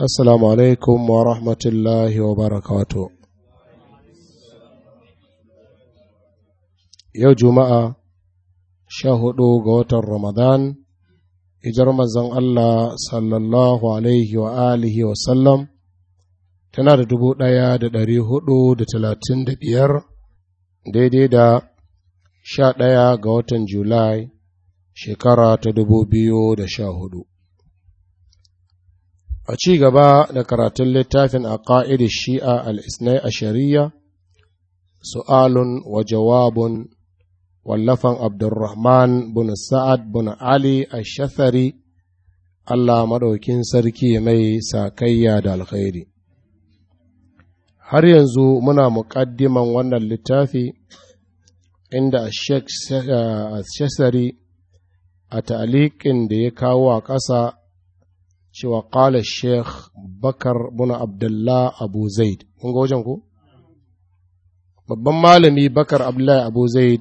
Assalamu alaikum wa rahmatullahi wa barakatu. Yau Juma'a, sha hudu ga watan Ramadan, ijar mazan Allah sallallahu alaihi wa alihi wa sallam, tana da dubu ɗaya da ɗari hudu da talatin da biyar daidai da sha ɗaya ga watan Julai, shekara ta dubu biyu da sha hudu. a ci gaba da karatun littafin a ƙa'id shi'a al'isnai a shari'a su'alun wa jawabun wallafan abdurrahman bin sa'ad bin ali a shafari allah maɗaukin sarki mai sakayya da alkhairi har yanzu muna muƙaddiman wannan littafi inda a shafari a ta'aliƙin da ya kawo a ƙasa cewa kala sheikh bakar bin abdullah abu zaid kun ga wajen ku babban malami bakar abdullahi abu zaid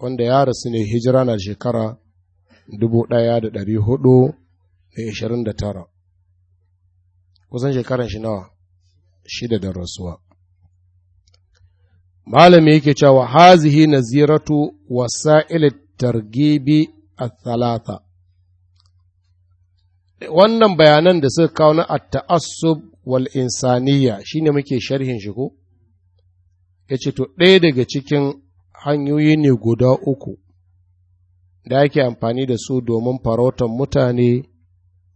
wanda ya rasu ne hijira na shekara 1429 kusan shekaran shi nawa shida da rasuwa malami yake cewa hazihi naziratu wasa'ilat targibi a thalatha wannan bayanan da suka kawo na at-ta'assub wal insaniya shine muke sharhin shi ko yace to ɗaya daga cikin hanyoyi ne guda uku da ake amfani da su domin farautar mutane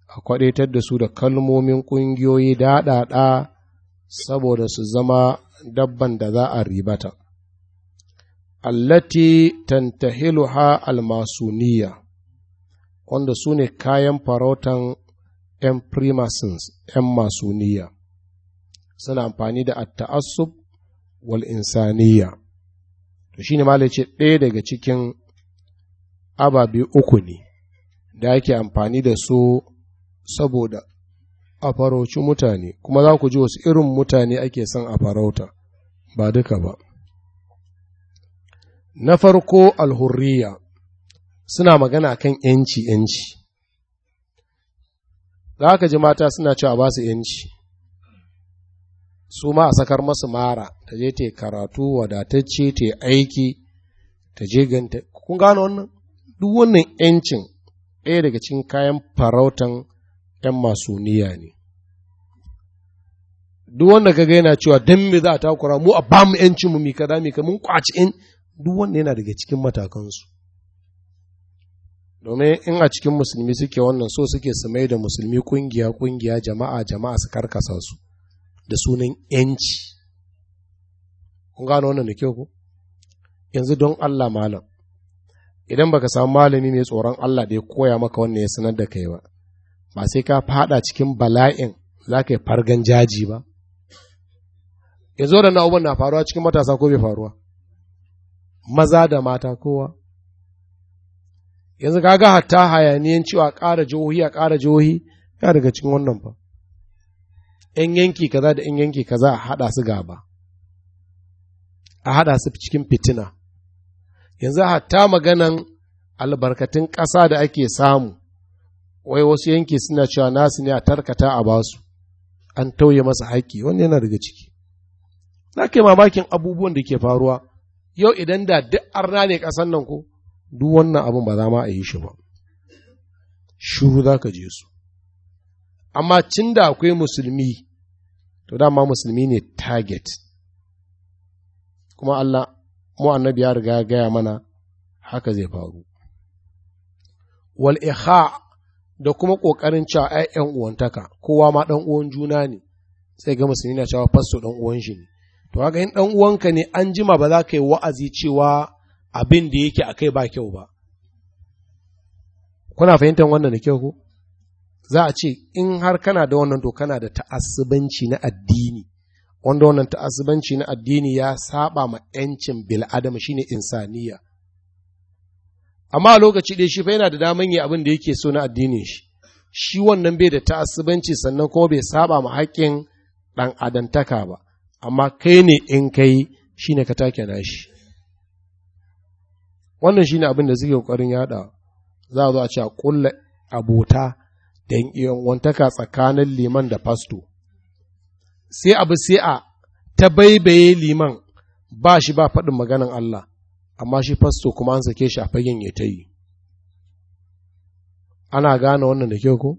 a kwadaitar da su da kalmomin ƙungiyoyi daɗaɗa saboda su zama dabban da za a ribata allati tantahiluha almasuniya wanda su ne kayan farautan 'yan primasins 'yan masuniya suna amfani da atta'assub wal insaniya to shi ne ce ɗaya daga cikin ababe uku ne da ake amfani da su saboda a farauci mutane kuma za ku ji wasu irin mutane ake son a farauta ba duka ba na farko alhurriya suna magana kan ‘yanci ‘yanci. Za ka ji mata suna cewa ba su ‘yanci, su ma a sakar masu mara, ta je ta karatu wadatacce ta aiki, ta je ganta. Kun gano wannan? Duk wannan ‘yancin ɗaya daga cikin kayan farautan ‘yan masu niyya ne. Duk wanda ka yana cewa don me za a takura mu a ba mu ‘yancin mu mika da mika mun kwaci ‘yan duk wanda yana daga cikin matakansu. domin in a cikin musulmi suke wannan so suke su mai da musulmi kungiya kungiya jama'a jama'a su karkasa su da sunan yanci kun gano wannan da kyau ku yanzu don Allah malam idan baka samu malami mai tsoron Allah da ya koya maka wannan ya sanar da kai ba ba sai ka fada cikin bala'in za ka yi fargan jaji ba yanzu da na na faruwa cikin matasa ko bai faruwa maza da mata kowa yanzu kaga hatta hayaniyan cewa ƙara jihohi a ƙara jihohi ya daga cikin wannan fa ‘yan yanki kaza da ‘yan yanki kaza a haɗa su gaba a haɗa su cikin fitina yanzu hatta maganan albarkatun ƙasa da ake samu wai wasu yanki suna cewa nasu ne a tarkata a basu an tauye masa haƙƙi wani yana daga ciki na kai mamakin abubuwan da ke faruwa yau idan da duk arna ne ƙasan nan ko duk wannan abin ba za ma a yi shi ba shuru za ka je su amma cin da akwai musulmi to dama musulmi ne target kuma Allah mu annabi ya riga gaya mana haka zai faru wal ikha da kuma kokarin cewa ai ƴan uwantaka kowa ma ɗan uwan juna ne sai ga musulmi na cewa fasto ɗan uwan shi ne to haka in ɗan uwanka ne an jima ba za ka yi wa'azi cewa abin da yake a kai ba kyau ba kuna fahimtar wannan da kyau ko za a ce in har kana da wannan to kana da ta'assubanci na addini wanda wannan ta'assubanci na addini ya saba ma 'yancin bil'adama shine insaniya amma a lokaci ɗaya shi fa yana da daman yi abin da yake so na addinin shi shi wannan bai da ta'assubanci sannan kuma bai saba ma haƙƙin ɗan adantaka ba amma kai ne in kai shi ne ka take shi. wannan ne abin da suke kokarin yada za a zo a ce a kulla abota da wantaka tsakanin liman da fasto sai abu sai a ta baibaye liman ba shi ba faɗin maganan Allah amma shi fasto kuma an sake shi a fagen ya ta yi ana gane wannan da kyau ko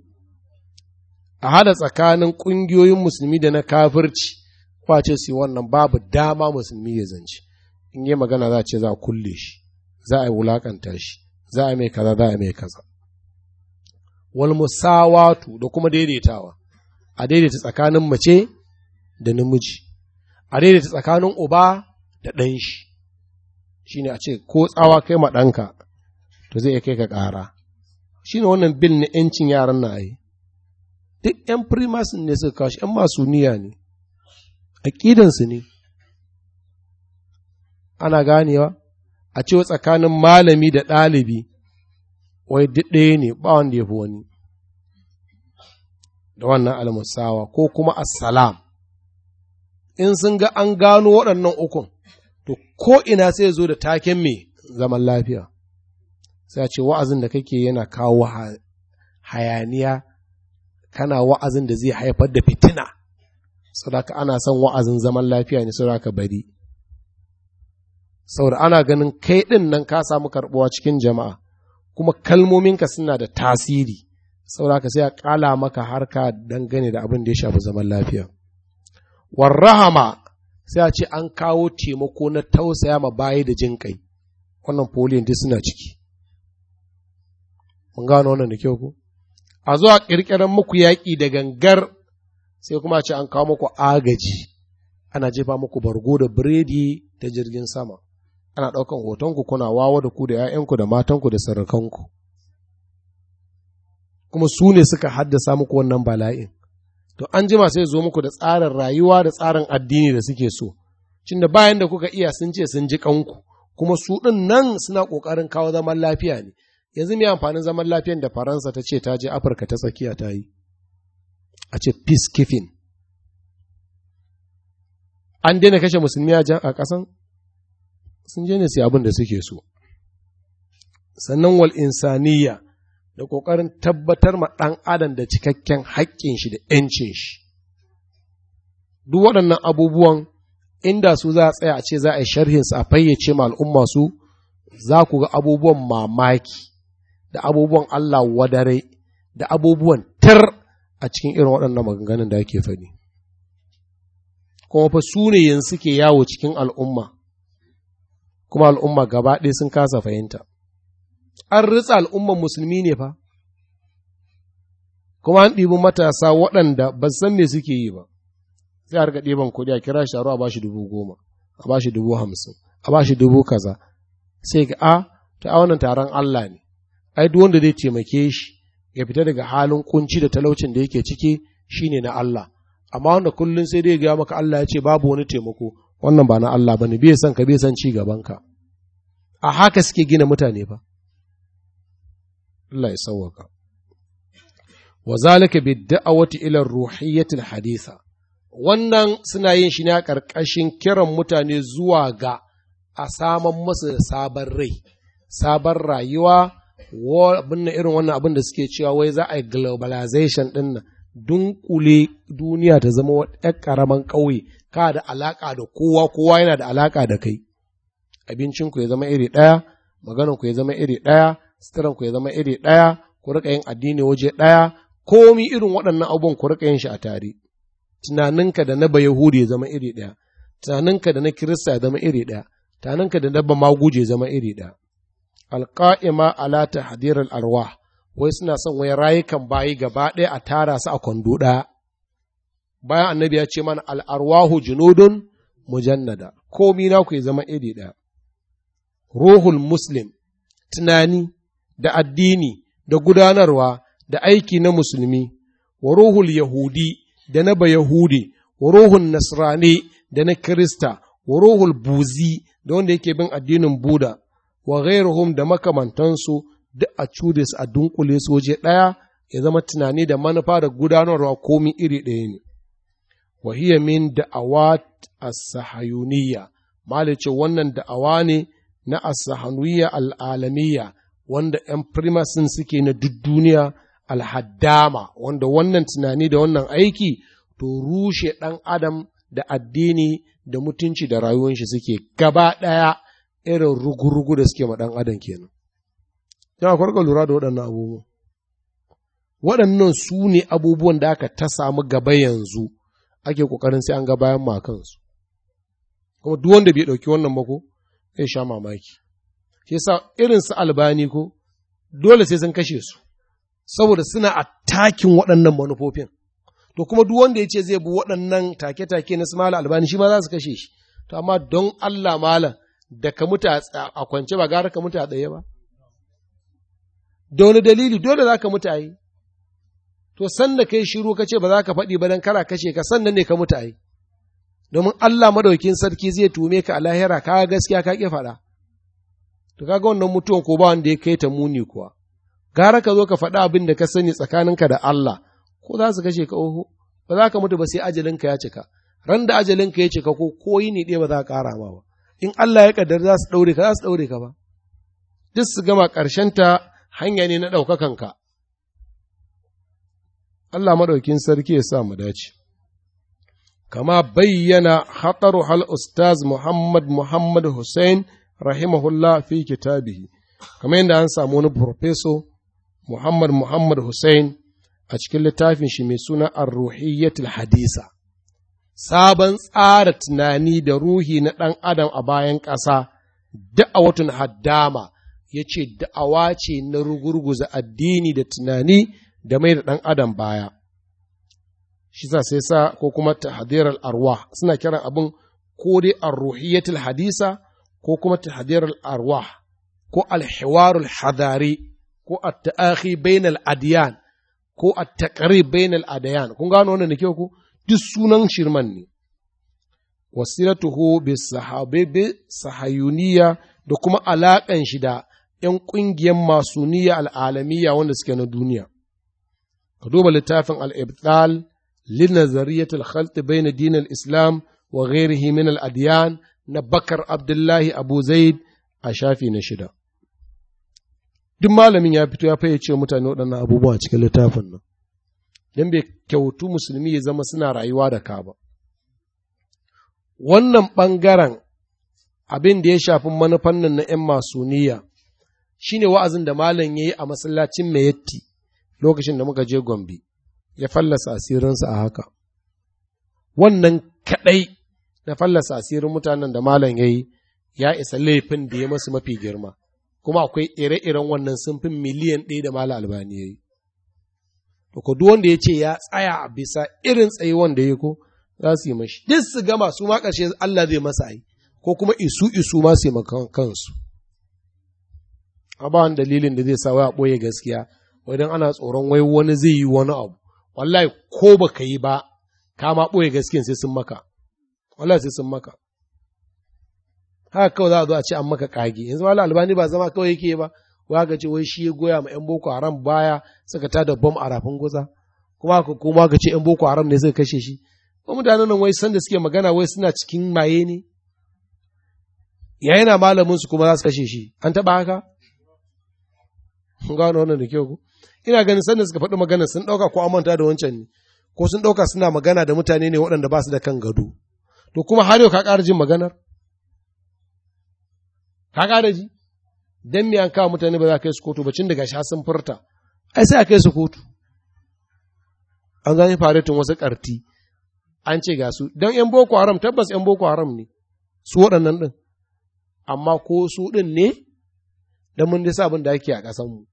a hada tsakanin ƙungiyoyin musulmi da na kafirci kwace su wannan babu dama musulmi ya zance in yi magana za a ce za a kulle shi za a wulakanta shi za a mai kaza za a mai kaza wal musawatu da kuma daidaitawa a daidaita tsakanin mace da namiji a daidaita tsakanin uba da ɗan shi shine a ce ko tsawa kai ma ɗanka to zai iya kai ka ƙara shine wannan bin na ‘yancin yaran na yi duk ‘yan primasin ne suka kashi ‘yan niya ne a ƙidansu ne ana ganewa a cewa tsakanin malami da ɗalibi wai duk ne ba wanda ya fi wani da wannan almusawa ko kuma assalam in sun ga an gano waɗannan ukun to ko ina sai zo da taken mai zaman lafiya sai a ce wa'azin da kake yana kawo hayaniya kana wa'azin da zai haifar da fitina sadaka ana son wa'azin zaman lafiya ne sadaka bari saboda ana ganin kai ɗin nan ka samu karɓuwa cikin jama'a kuma kalmomin ka suna da tasiri saboda ka sai a ƙala maka harka dangane da abin da ya shafi zaman lafiya warrahama sai a ce an kawo taimako na tausaya ma bayi da jin kai wannan polin duk suna ciki mun gano wannan da kyau ko a zuwa ƙirƙirar muku yaƙi da gangar sai kuma a ce an kawo muku agaji ana jefa muku bargo da biredi ta jirgin sama ana ɗaukan hotonku kuna wawa da ku da ‘ya'yanku da matanku da sarakanku kuma su ne suka haddasa muku wannan bala'in to an jima sai zo muku da tsarin rayuwa da tsarin addini da suke so cin da bayan da kuka iya sun ce sun ji kanku kuma su ɗin nan suna ƙoƙarin kawo zaman lafiya ne yanzu mai amfanin zaman lafiyan da faransa ta ce ta je afirka ta tsakiya ta yi a ce peacekeeping an daina kashe musulmi a ƙasan sun je ne su abin da suke so sannan wal insaniya da ƙoƙarin tabbatar ma ɗan adam da cikakken haƙƙin shi da ‘yancin shi duk waɗannan abubuwan inda su za a tsaya a ce za a yi sharhin su a fayyace ma al'umma su za ku ga abubuwan mamaki da abubuwan Allah wadare da abubuwan tar a cikin irin waɗannan maganganun da ake faɗi. Kuma fa su ne yanzu suke yawo cikin al'umma kuma al'umma gaba ɗaya sun kasa fahimta an ritsa al'umman musulmi ne fa kuma an ɗibi matasa waɗanda ba san me suke yi ba sai a riga ɗiban kuɗi a kira shi a bashi dubu goma a bashi dubu hamsin a bashi dubu kaza sai ga a ta a taron Allah ne ai duk wanda zai taimake shi ya fita daga halin kunci da talaucin da yake ciki ne na Allah amma wanda kullum sai dai ya gaya maka Allah ya ce babu wani taimako wannan ba na Allah ba ne bai san ka bai san ci gabanka a haka suke gina mutane ba Allah ya sauwaka wa zalika bi da'awati ila ruhiyyatil haditha wannan suna yin shi ne a ƙarƙashin kiran mutane zuwa ga a saman musu sabon rai sabon rayuwa abin irin wannan abin da suke cewa wai za a yi globalization Dunƙule dunkule duniya ta zama wata ƙaramin ƙauye ka da alaka da kowa kowa yana da alaka da kai abincin ku ya zama iri ɗaya maganarku ku ya zama iri ɗaya sitiran ku ya zama iri ɗaya ku rika yin addini waje ɗaya komi irin waɗannan abubuwan ku rika yin shi a tare tunaninka da na bayahudi ya zama iri ɗaya tunaninka da na kirista ya zama iri ɗaya tunaninka da na maguje ya zama iri ɗaya alqa'ima ala tahdir al-arwah wai suna son wai rayukan bayi gaba ɗaya a tara su a kwando ɗaya bayan annabi ya ce mana al'arwahu junudun mujannada Ko mina ku zama iri ɗaya ruhul muslim tunani da addini da gudanarwa da aiki na musulmi wa ruhul yahudi da na bayahudi wa ruhul nasrani da na kirista wa ruhul buzi da wanda yake bin addinin buda wa ghairuhum da makamantansu duk a cude su a dunkule su waje ɗaya ya zama tunani da manufa da gudanarwa komi iri ɗaya ne wa hiya min da'awat as-sahayuniyya malice wannan da'awa ne na as-sahanuyya al-alamiyya wanda ‘yan firimasin suke na duk duniya alhadama, wanda wannan tunani da wannan aiki to rushe ɗan adam da addini da mutunci da rayuwar shi suke gaba ɗaya irin rugurugu da suke ma ɗan adam kenan. Yana kwarka lura da waɗannan abubuwa. Waɗannan su ne abubuwan da aka ta samu gaba yanzu ake kokarin sai an ga bayan makan su kuma duk wanda bai dauki wannan mako zai sha mamaki shi yasa irin su albani ko dole sai sun kashe su saboda suna attakin waɗannan manufofin to kuma duk wanda ya ce zai bi waɗannan take-take na su albani shi ma za su kashe shi to amma don Allah malam da ka mutu a kwance ba gara ka mutu a ba da wani dalili dole za ka mutu yi to sanda kai shiru ka ce ba za ka faɗi ba don kara kashe ka sannan ne ka mutu ai domin Allah madaukin sarki zai tume ka a lahira ka gaskiya ka ƙi faɗa to kaga wannan mutuwan ko ba wanda ya kai ta muni kuwa gara ka zo ka faɗa abin da ka sani tsakaninka da Allah ko za su kashe ka oho ba za ka mutu ba sai ajalinka ya cika ran da ajalinka ya cika ko koyi ne ɗaya ba za ka ƙara ba in Allah ya kaddar za su ɗaure ka za su ɗaure ka ba duk su gama ta hanya ne na ɗaukakan ka. Allah maɗaukin sarki ya sa mu dace. Kama bayyana haƙaru hal Ustaz Muhammad Muhammad Hussein rahimahullah fi kitabihi, kamar yadda an samu wani Profeso Muhammad Muhammad Hussein a cikin littafin shi mai suna Ar-Ruhiyyatul Hadisa. Sabon tsara tunani da ruhi na ɗan Adam a bayan ƙasa, da'awatun haddama, ya ce da'awa ce na rugurguza addini da tunani da mai da ɗan adam baya shi sa sai sa ko kuma hadirar arwa suna kiran abin ko dai arruhiyatul hadisa ko kuma hadirar arwa ko alhiwarul hadari ko at-ta'akhi bainal adyan ko at-taqrib bainal adyan kun gano wannan ne ku duk sunan shirman ne wasilatuhu bi sahabi bi sahayuniya da kuma alaƙan shi da ‘yan ƙungiyar masuniya al'alamiya wanda suke na duniya. ka duba littafin al-ibtal لنظرية الخلط بين دين الإسلام وغيره من الأديان نبكر عبد الله a shafi na shida. duk malamin ya fito ya fayyace mutane waɗannan abubuwa cikin littafin nan don bai kyautu musulmi ya zama suna rayuwa da ka ba wannan ɓangaren abin da ya shafi manufan nan na 'yan masuniya shine wa'azin da malam ya yi a masallacin mayatti. lokacin da muka je Gombe ya fallasa asirinsa a haka. Wannan kaɗai na fallasa asirin mutanen da malam ya yi ya isa laifin da ya masu mafi girma, kuma akwai ire-iren wannan sunfin miliyan ɗaya da malam albani ya yi. Duk wanda ya ce ya tsaya a bisa irin tsayi wanda ya ko za su yi mashi, duk su gama su ma ƙarshe Allah zai masa ai, ko kuma isu isu ma su yi kansu. A ba dalilin da zai sa waya ɓoye gaskiya, wadan ana tsoron wai wani zai yi wani abu wallahi ko baka yi ba ka ma ɓoye gaskiyan sai sun maka wallahi sai sun maka haka kawai za a zo a ce an maka kage yanzu wala albani ba zama kawai yake ba wa ga ce wai shi ya goya ma yan boko haram baya suka ta da bom a rafin goza kuma ka kuma ga ce yan boko haram ne suka kashe shi ba mutanen nan wai sanda suke magana wai suna cikin maye ne ya na malamin su kuma za su kashe shi an taba haka gano wannan da kyau ku ina ganin sanda suka faɗi magana sun ɗauka ko amanta da wancan ne ko sun ɗauka suna magana da mutane ne waɗanda ba su da kan gado to kuma har yau ka ƙara jin maganar ka ƙara ji dan me an kawo mutane ba za ka yi su kotu ba cin daga sha sun furta ai sai a kai su kotu an zai faretin wasu ƙarti an ce ga su don ‘yan boko haram tabbas ‘yan boko haram ne su waɗannan ɗin amma ko su din ne don mun disa abin da ake a ƙasanmu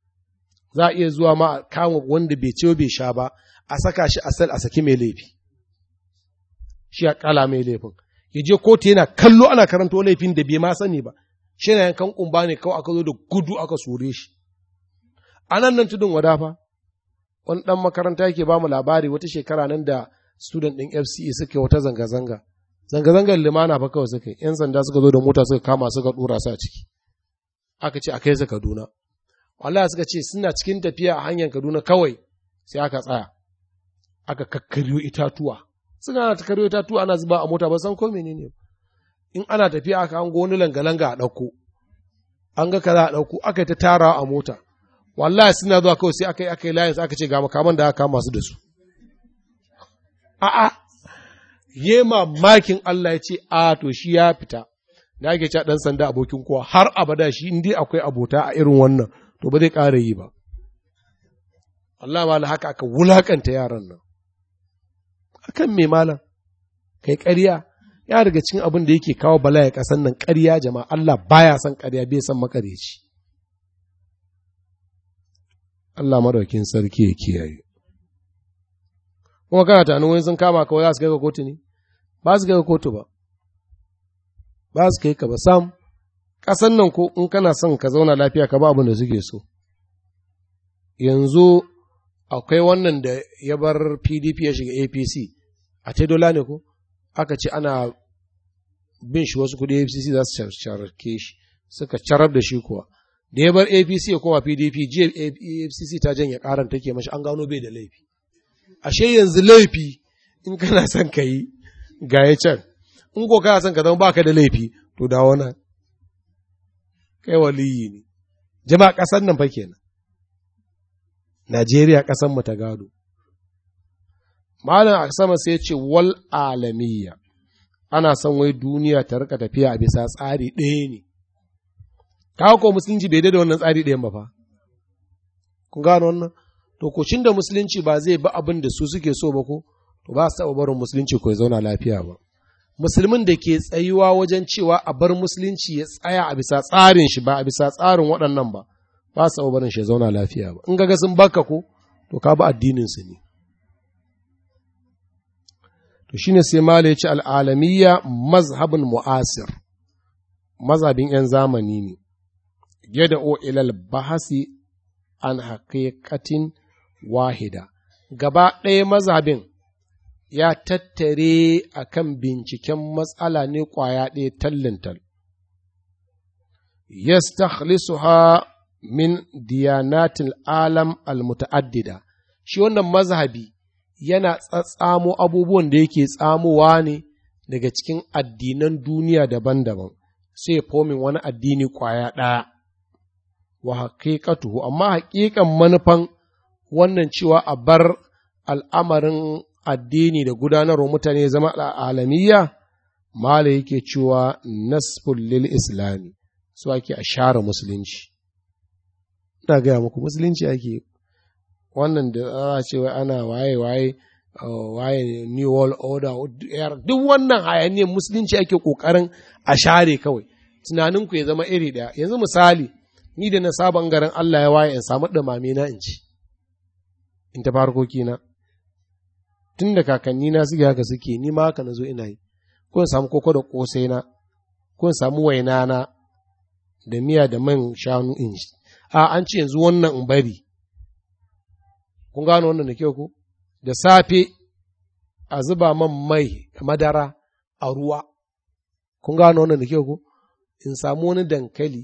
za a iya zuwa ma a kama wanda bai ciwo bai sha ba a saka shi a sal a saki mai laifi shi a kala mai laifin ya je kotu yana kallo ana karanto laifin da bai ma sani ba shi na yankan kumba ne kawai aka zo da gudu aka sore shi a nan nan tudun wadafa wani ɗan makaranta yake ba mu labari wata shekara nan da student ɗin FCE suke wata zanga-zanga zanga-zangar limana fa kawai suka yan sanda suka zo da mota suka kama suka dora su a ciki aka ce a kai su Kaduna Allah suka ce suna cikin tafiya a hanyar Kaduna kawai sai aka tsaya aka kakkaryo itatuwa suna na kakkaryo itatuwa ana zuba a mota ba san ko menene in ana tafiya aka an wani langa-langa a ɗauko an ga kaza a ɗauko aka yi ta tara a mota wallahi suna zuwa kawai sai aka yi aka yi layin aka ce ga makaman da aka masu da su a'a ye mamakin Allah ya ce a to shi ya fita da ake cewa dan sanda abokin kowa har abada shi in dai akwai abota a irin wannan to ba zai ƙara yi ba Allah ba haka aka wulaƙanta yaran nan akan me malam kai ƙarya ya daga cikin abin da yake kawo bala ya ƙasan nan ƙarya jama'a Allah baya son ƙarya bai son makareci Allah maɗaukin sarki ya kiyaye kuma kana tunanin wani sun kama kawai za su kai ka kotu ne ba su kai ka kotu ba ba su kai ka ba sam ƙasan nan ko in kana son ka zauna lafiya ka ba abin da suke so yanzu akwai wannan da ya bar pdp ya shiga apc a dola ne ko aka ce ana bin shi wasu kudi apc za su carke shi suka carar da shi kuwa da ya bar apc ya koma pdp jiya apc ta janye karan take mashi an gano bai da laifi ashe yanzu laifi in kana son ka yi ga can in ko kana son ka zama baka da laifi to dawo nan kai waliyi ne jama'a ƙasar nan fa kenan Najeriya ƙasar mu ta gado malam a sama sai ce wal alamiya, ana son wai duniya ta rika tafiya a bisa tsari ɗaya ne kawo ko musulunci bai da wannan tsari ɗayan ba fa kun gano wannan to ko da musulunci ba zai bi abin da su suke so ba ko to ba su taɓa barin musulunci ko ya zauna lafiya ba musulmin da ke tsayuwa wajen cewa a bar musulunci ya tsaya a bisa tsarin shi ba a bisa tsarin waɗannan ba ba su barin shi ya zauna lafiya ba in ga sun baka ko to ka bi addinin su ne to shine sai mala ya ce al'alamiyya mazhabin mu'asir mazhabin 'yan zamani ne yadda o ilal bahasi an haƙiƙatin wahida gaba ɗaya mazhabin ya tattare a kan binciken matsala ne kwaya ɗaya tallintal. yastakhlisuha min diyanatil alam almutaaddida shi wannan mazhabi yana tsatsamo abubuwan da yake tsamowa ne daga cikin addinan duniya daban-daban sai fomin wani addini kwaya ɗaya wa haƙiƙatu amma haƙiƙan manufan wannan cewa a bar al'amarin addini da gudanarwa mutane zama alamiya, mala yake cewa nasful lil islami su ake a share musulunci ina gaya muku musulunci ake wannan da za ce ana waye waye uh, waye new world order duk wannan hayaniyar musulunci ake kokarin a share kawai tunaninku ya zama iri daya yanzu misali ni da na saban garin Allah ya waye in samu ɗumame na in ci in ta farko kina tun da kakanni na suke haka suke ni ma haka na zo ina yi ko in samu koko da kosai na ko in samu waina na da miya da man shanu in shi a an ce yanzu wannan in bari kun gano wannan da kyau ko da safe a zuba man mai madara a ruwa kun gano wannan da kyau ko in samu wani dankali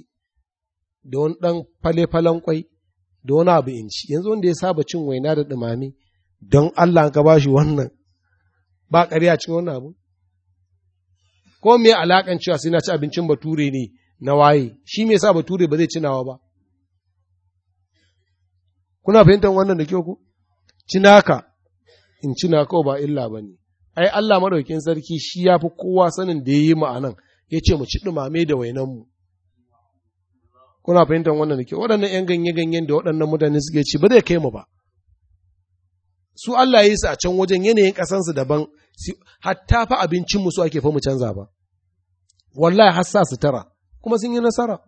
da wani ɗan fale-falen kwai da wani abu in ci yanzu wanda ya saba cin waina da ɗumami don Allah ka ba shi wannan ba ƙarya cikin wannan abu ko me alakan cewa sai na ci abincin bature ne na waye shi me yasa bature ba zai cinawa ba kuna fahimtar wannan da kyau ku Cina ka. in cina na ba illa ba ne ai Allah madaukin sarki shi ya fi kowa sanin da ya yi ma'anan, ya ce mu ci ɗumame da wainanmu. kuna fahimtar wannan da kyau waɗannan 'yan ganye-ganyen da waɗannan mutane suke ci ba zai kai mu ba su Allah ya yi su a can wajen yanayin ƙasansu daban hatta fa abincin mu su ake fa mu canza ba wallahi har sa su tara kuma sun yi nasara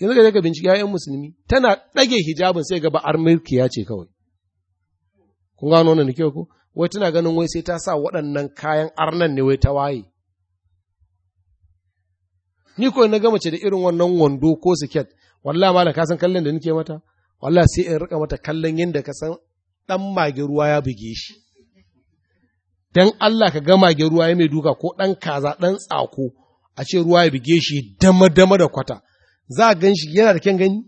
yanzu ga daga bincike ƴaƴan musulmi tana ɗage hijabin sai ga ba ya ce kawai kun gano wannan kyau ko wai tana ganin wai sai ta sa waɗannan kayan arnan ne wai ta waye ni ko na gama ce da irin wannan wando ko siket wallahi malam ka san kallon da nake mata wallahi sai in rika mata kallon yadda ka san ɗan mage ruwa ya buge shi don Allah ka ga mage ruwa ya mai duka ko ɗan kaza ɗan tsako a ce ruwa ya buge shi dama dama da kwata za a gan shi yana da kyan gani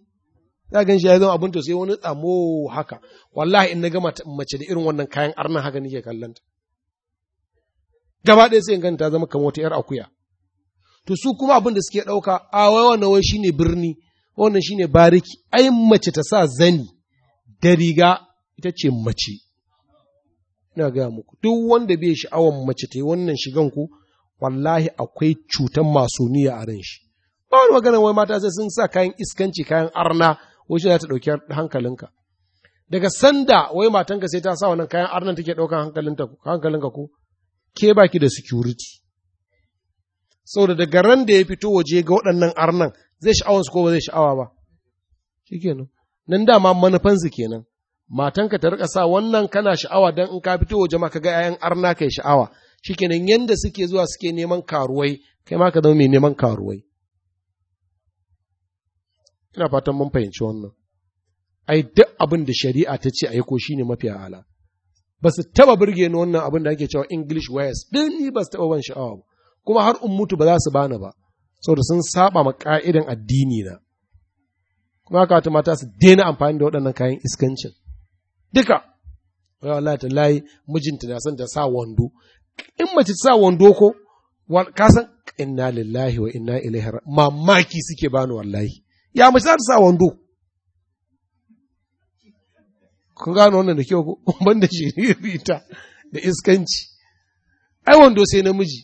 za a gan shi ya zama abin to sai wani tsamo haka wallahi in na gama mace da irin wannan kayan arna haka nake kallon ta gaba ɗaya sai in ganta zama kamar wata yar akuya to su kuma abin da suke ɗauka a wai wannan wai shine birni wannan shine bariki ai mace ta sa zani da riga ita ce mace ina gaya muku duk wanda bai sha'awan mace ta yi wannan shigan ku wallahi akwai cutar masoniya a ran shi ba wani magana wai mata sai sun sa kayan iskanci kayan arna wace za ta ɗauki hankalinka daga sanda wai matanka sai ta sa wannan kayan arnan take ɗaukan hankalinka ko ke baki da security saboda daga ran da ya fito waje ga waɗannan arnan zai sha'awansu ko ba zai sha'awa ba kenan nan dama manufansu kenan matanka ta rika sa wannan kana sha'awa dan in ka fito waje ma ka ga 'ya'yan arna kai sha'awa shikenan yanda suke zuwa suke neman karuwai kai ma ka zama mai neman karuwai ina fatan mun fahimci wannan ai duk abin da shari'a ta ce ayi ko shine mafi ala ba su taba burge ni wannan abin da ake cewa English wires din ni ba su taba ban sha'awa ba kuma har in mutu ba za su bani ba saboda sun saba ma ka'idan addini na kuma haka mata su daina amfani da waɗannan kayan iskancin duka wai wallahi ta layi mijinta na san ta sa wando in mace ta sa wando ko ka san inna lillahi wa inna ilaihi mamaki suke bani wallahi ya mace za ta sa wando kun gano wannan da kyau ko ban da shi rita da iskanci ai wando sai namiji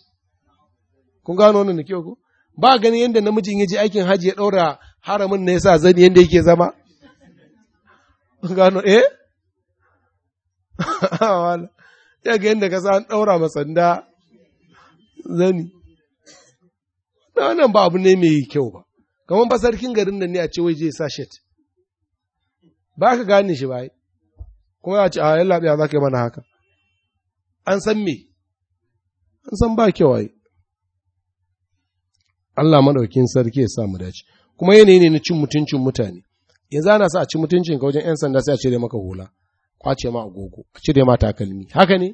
kun gano wannan da kyau ko ba ganin yadda namijin ya yaji aikin hajji ya ɗaura haramin na yasa zani yadda yake zama Kun gano eh ya ga yadda ka an ɗaura masanda zani wannan ba abu ne mai kyau ba kamar ba sarkin garin da ne a ce wai je sa ba ka gane shi ba kuma ya ce a ah, yalla ya za ka yi mana haka an san me an san ba kyau ai Allah madaukin sarki ya sa mu dace kuma yanayi ne na cin mutuncin mutane yanzu ana sa a ci mutuncin ka wajen yan sanda sai a cire maka hula kwace ma agogo a cire ma takalmi haka ne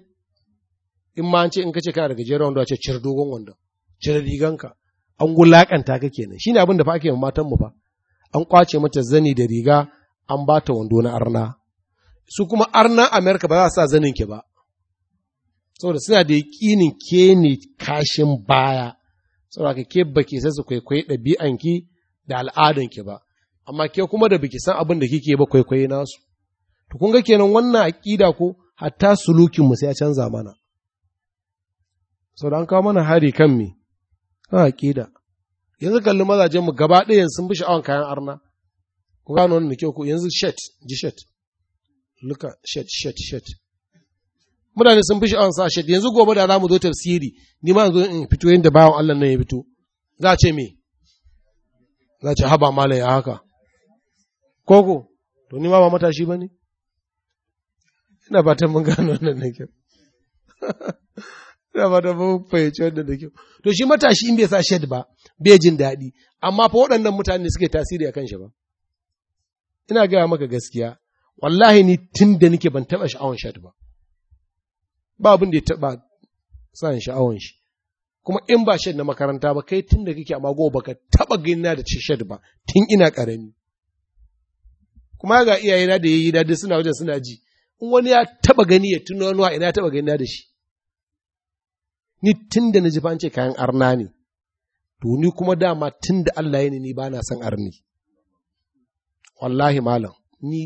in ma an ce in kace kana da gajeren wando a ce cire dogon wando cire riganka an gulakanta ka kenan shine abin da fa ake matan mu fa an kwace mata zani da riga an bata wando na arna su kuma arna america ba za su sa zanin ki ba saboda suna da yakinin ke ne kashin baya saboda ka ke baki sai su kwaikwayi ɗabi'anki da al'adanki ba amma ke kuma da biki san abin da kike ba kwaikwayi nasu To kun ga kenan wannan aƙida ko hatta sulukin mu sai ya canza mana. saboda an kawo mana hari kan me? Kan aƙida. Yanzu kalli mazajen mu gaba ɗayan sun bi sha'awan kayan arna. Ku gano wannan da kyau ko yanzu shet, ji shet. Luka shet, shet, shet. Mutane sun bi sha'awan sa shet. Yanzu gobe da za mu zo tafsiri, ni ma zo in fito yadda bawan Allah nan ya fito. Za a ce me? Za a ce haba malaya haka. Koko, to ni ma ba matashi ba ne? ina fatan mun gano wannan da kyau ina fatan mun fahimci wannan da kyau to shi matashi in bai sa shed ba bai jin daɗi amma fa waɗannan mutane suke tasiri akan shi ba ina gaya maka gaskiya wallahi ni tun da nake ban taɓa sha'awan shed ba ba abin da ya taɓa sa sha'awan shi kuma in ba shed na makaranta ba kai tun da kake a mago baka taɓa gina da shed ba tun ina ƙarami kuma ga iyayena da yayi dadi suna wajen suna ji wani ya taba gani ya tuno wani ina ya taba gani da shi ni tun da na ji ce kayan arna ne to ni kuma dama tun da Allah ya ni ba na son arni wallahi malam ni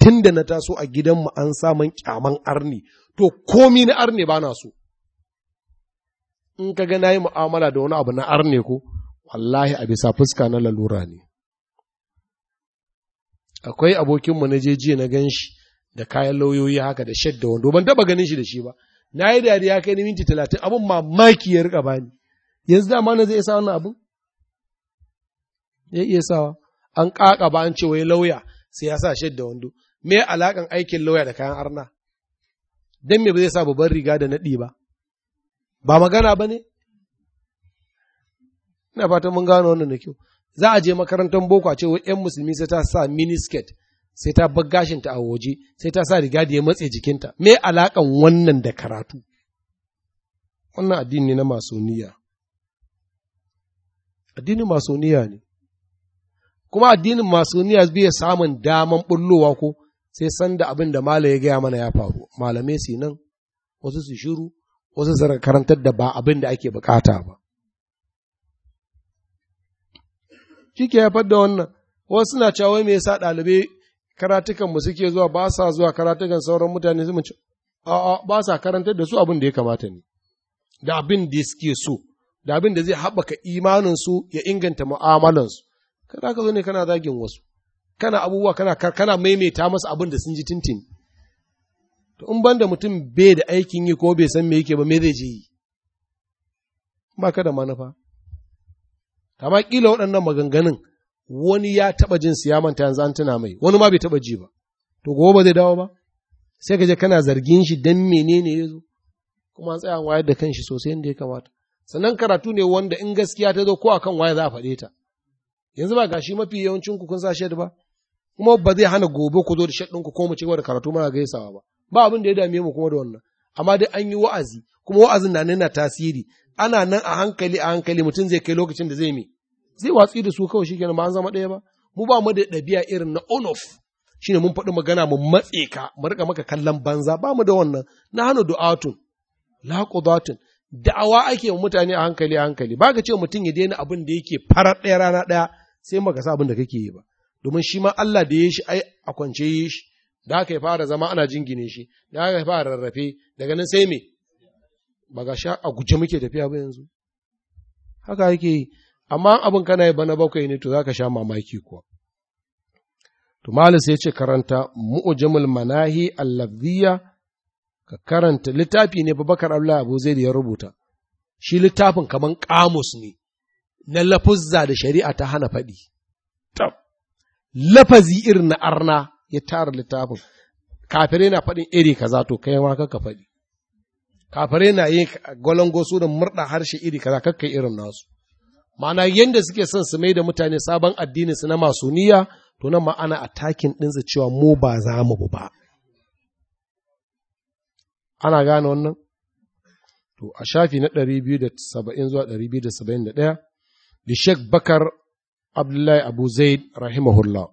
tun da na taso a gidanmu an samun kyaman arni to komi na arne bana so in ka ga na yi mu'amala da wani abu na arne ko wallahi a bisa fuska na lalura ne akwai abokinmu na jeji na gan shi da kayan lauyoyi haka da shadda wando ban taba ganin shi da shi ba na yi dariya kai ni minti talatin abin mamaki ya rika bani yanzu da mana zai sa wannan abin ya iya sawa an kaka ba an ce wai lauya sai ya sa shadda wando me alakan aikin lauya da kayan arna dan me ba zai sa babban riga da naɗi ba ba magana ba ne ina fatan mun gano wannan da kyau za a je makarantar boko a ce wai yan musulmi sai ta sa miniskirt sai ta bar gashinta a waje sai ta sa riga da ya matse jikinta me alakan wannan da karatu wannan addini ne na masoniya addinin masoniya ne kuma addinin masoniya bai samun daman bullowa ko sai sanda abin da mala ya gaya mana ya faru malamai su nan wasu su shiru wasu su karantar da ba abin da ake bukata ba kike ya haifar da wannan wasu suna cewa me yasa ɗalibai karatukanmu suke zuwa ba sa zuwa karatukan sauran mutane su ce, a'a ba sa karantar da su abin da ya kamata ne, da abin da suke so, da abin da zai haɓaka imaninsu ya inganta mu'amalansu. Kada ka zo ne kana zagin wasu, kana abubuwa kana kana maimaita masu abin da sun ji tintin. To in banda mutum bai da aikin yi ko bai san me yake ba me zai je yi. Ba ka da manufa. Amma kila waɗannan maganganun wani ya taba jin su ya manta yanzu an tuna mai wani ma bai taɓa ji ba to gobe ba zai dawo ba sai ka je kana zargin shi dan menene ya zo kuma an tsaya wayar da kanshi sosai yadda ya kamata sannan karatu ne wanda in gaskiya ta zo ko akan waya za a faɗe ta yanzu ba gashi mafi yawancin ku kun sa shaidu ba kuma ba zai hana gobe ku zo da shaɗin ku ko mu ci wani da karatu muna gaisawa ba ba abin da ya dame mu kuma da wannan amma dai an yi wa'azi kuma wa'azin na nuna tasiri ana nan a hankali a hankali mutum zai kai lokacin da zai mi zai watsi da su kawai shikenan ba an zama ɗaya ba mu ba mu da ɗabi'a irin na onof shine mun faɗi magana mu matse ka mu rika maka kallon banza ba mu da wannan na hana du'atun la qudatun da'awa ake wa mutane a hankali a hankali ba ka ce mutum ya daina abin da yake farar ɗaya rana ɗaya sai maka sa abin da kake yi ba domin shi ma Allah da ya shi ai a kwance yi shi da aka fara zama ana jingine shi da aka fara rarrafe daga nan sai me ba ga sha a guje muke tafiya ba yanzu haka yake amma abin kana yi bana bakwai ne to za ka sha mamaki kuwa to malis ya ce karanta mu'ujamul manahi allaziyya ka karanta littafi ne babakar Allah Abu zai da ya rubuta shi littafin kamar kamus ne na lafuzza da shari'a ta hana faɗi lafazi irin na arna ya tara littafin kafirai na faɗin iri kaza to kai ma kaka faɗi kafirai na yi gwalangosu da murɗa harshe iri kaza kakka irin nasu ma'ana yadda suke son su mai da mutane sabon addini su na masuniya to nan ma'ana a takin ɗinsu cewa mu ba za mu ba ana gane wannan to a shafi na 270 zuwa 271 da Sheikh Bakar Abdullahi Abu Zaid rahimahullah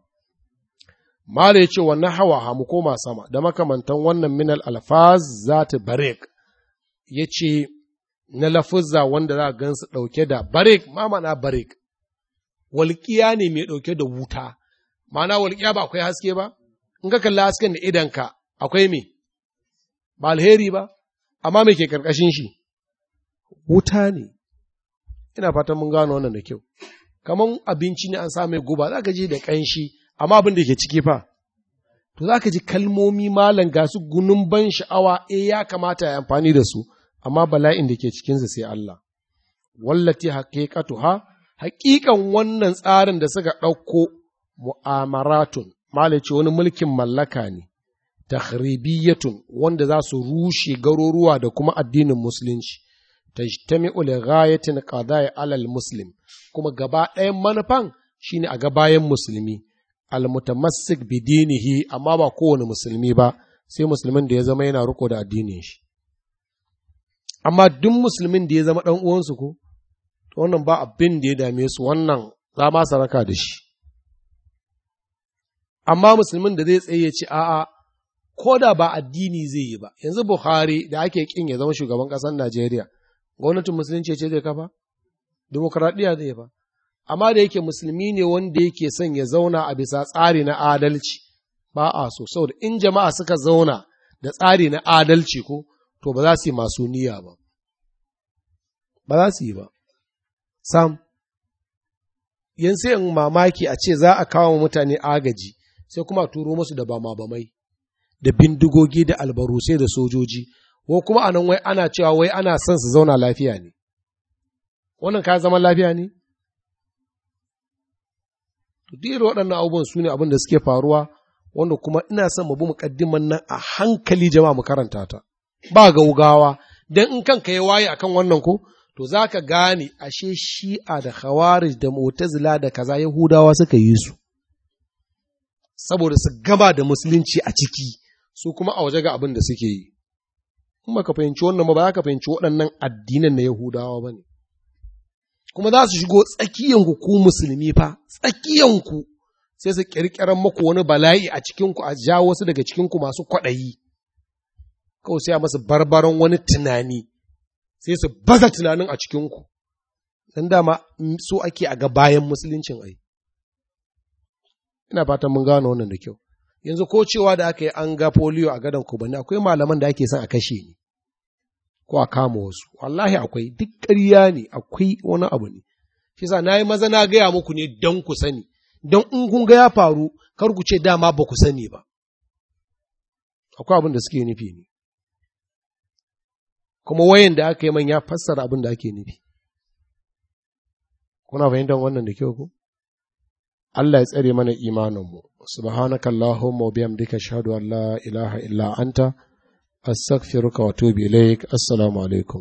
Mala ya ce wannan hawa hamu koma sama da makamantan wannan minal alfaz za ta barek. ya ce na lafuzza wanda za a gansu ɗauke da barik, ma mana barik, walƙiya ne mai ɗauke da wuta, mana walƙiya ba akwai haske ba, in ka kalla hasken da idanka akwai me, ba alheri ba, amma me ke karkashin shi, wuta ne, ina fatan mun gano wannan da kyau, kamar abinci ne an samu guba za ka je da kanshi amma abin da ke ciki fa, to za ka ji kalmomi malam ga su gunun ban sha'awa, eh ya kamata ya amfani da su. amma bala'in da ke cikinsa sai Allah. Wallati ha, haƙiƙan wannan tsarin da suka ɗauko mu'amaratun, malice wani mulkin mallaka ne, tahribiyatun wanda za su rushe garuruwa da kuma addinin musulunci. tajtami'u li ghayatin alal muslim kuma gaba ɗayan manufan ne a ga bayan musulmi al mutamassik bi hi amma ba kowane musulmi ba sai musulmin da ya zama yana riko da addinin shi amma duk musulmin da ya zama ɗan uwansu ko wannan ba abin da ya dame su wannan za ma saraka da shi amma musulmin da zai tsaye ya ce a'a ko da ba addini zai yi ba yanzu Buhari da ake kin ya zama shugaban ƙasar Najeriya gwamnatin musulunci ce zai kafa demokradiyya zai ba amma da yake musulmi ne wanda yake son ya zauna a bisa tsari na adalci ba a so saboda in jama'a suka zauna da tsari na adalci ko to ba za su yi masu niyya ba ba za su yi ba sam yan sai mamaki a ce za a kawo mutane agaji sai kuma a turo musu da bama bamai da bindigogi da albarusai da sojoji ko kuma anan wai ana cewa wai ana son su zauna lafiya ne wannan ka zama lafiya ne duk waɗannan abubuwan su ne abin da suke faruwa wanda kuma ina son mu bi muƙaddiman nan a hankali jama'a mu karanta ta ba gaugawa Don in kan ka ya waye akan wannan ko to za ka gane ashe shi'a da khawarij da mu'tazila da kaza yahudawa suka yi su saboda su gaba da musulunci a ciki su kuma a waje ga abin da suke yi kuma ka fahimci wannan ba za ka fahimci waɗannan addinan na yahudawa ba ne kuma za su shigo tsakiyanku ku musulmi fa tsakiyanku sai su ƙirƙirar maku wani bala'i a cikinku a jawo wasu daga cikinku masu kwaɗayi kawai sai a masa barbaron wani tunani sai su baza tunanin a cikinku don dama so ake a ga bayan musuluncin ai ina fatan mun gano wannan da kyau yanzu ko cewa da aka yi an ga polio a gadon kubani akwai malaman da ake son a kashe ne ko a kama wasu wallahi akwai duk ƙarya ne akwai wani abu ne shi sa na yi maza na gaya muku ne don ku sani don in kun ga ya faru kar ku ce dama ba ku sani ba akwai abin da suke nufi ne kuma wayan da aka yi man ya fassara abin da ake nufi kuna fahimtar wannan da kyau ko Allah ya tsare mana imaninmu subhanaka allahumma wa duka ashhadu an la ilaha illa anta astaghfiruka wa ilaik assalamu alaikum